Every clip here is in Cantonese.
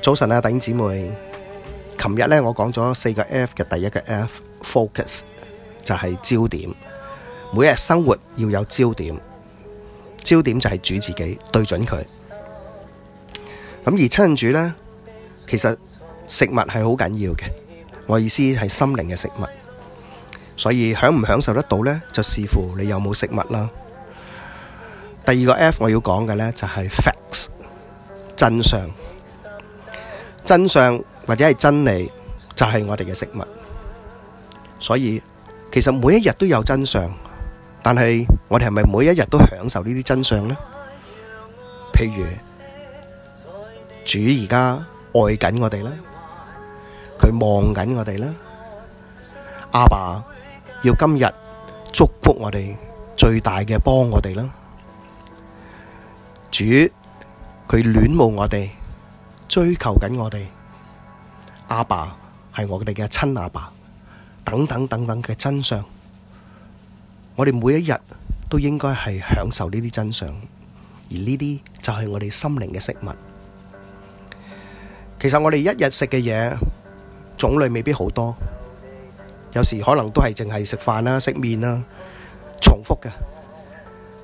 早晨啊，弟兄姊妹，琴日咧我講咗四個 F 嘅第一個 F，Focus 就係焦點，每日生活要有焦點，焦點就係主自己，對準佢。咁而親近主咧，其實食物係好緊要嘅，我意思係心靈嘅食物，所以享唔享受得到咧，就視乎你有冇食物啦。第二個 F 我要講嘅咧就係、是、Facts 真相。真相或者係真理就係我哋嘅食物，所以其實每一日都有真相，但係我哋係咪每一日都享受呢啲真相呢？譬如主而家愛緊我哋啦，佢望緊我哋啦，阿爸要今日祝福我哋最大嘅幫我哋啦，主佢戀慕我哋。追求緊我哋，阿爸係我哋嘅親阿爸，等等等等嘅真相，我哋每一日都應該係享受呢啲真相，而呢啲就係我哋心靈嘅食物。其實我哋一日食嘅嘢種類未必好多，有時可能都係淨係食飯啦、食麵啦、重複嘅，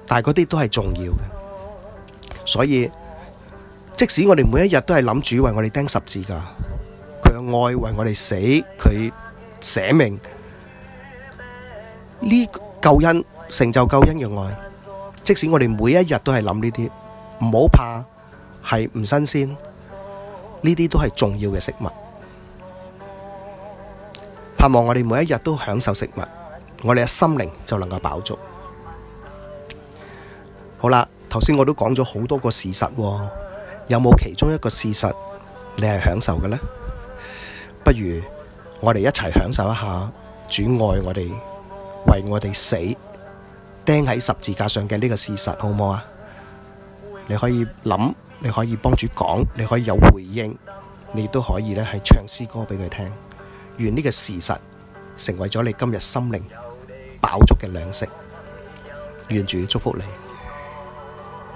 但係嗰啲都係重要嘅，所以。即使我哋每一日都係諗住為我哋釘十字噶佢嘅愛為我哋死，佢捨命，呢救恩成就救恩嘅愛。即使我哋每一日都係諗呢啲，唔好怕係唔新鮮，呢啲都係重要嘅食物。盼望我哋每一日都享受食物，我哋嘅心靈就能夠飽足。好啦，頭先我都講咗好多個事實喎。有冇其中一個事實你係享受嘅呢？不如我哋一齊享受一下主愛我哋、為我哋死釘喺十字架上嘅呢個事實，好唔好啊？你可以諗，你可以幫主講，你可以有回應，你都可以咧係唱詩歌畀佢聽，願呢個事實成為咗你今日心靈飽足嘅糧食。願主祝福你。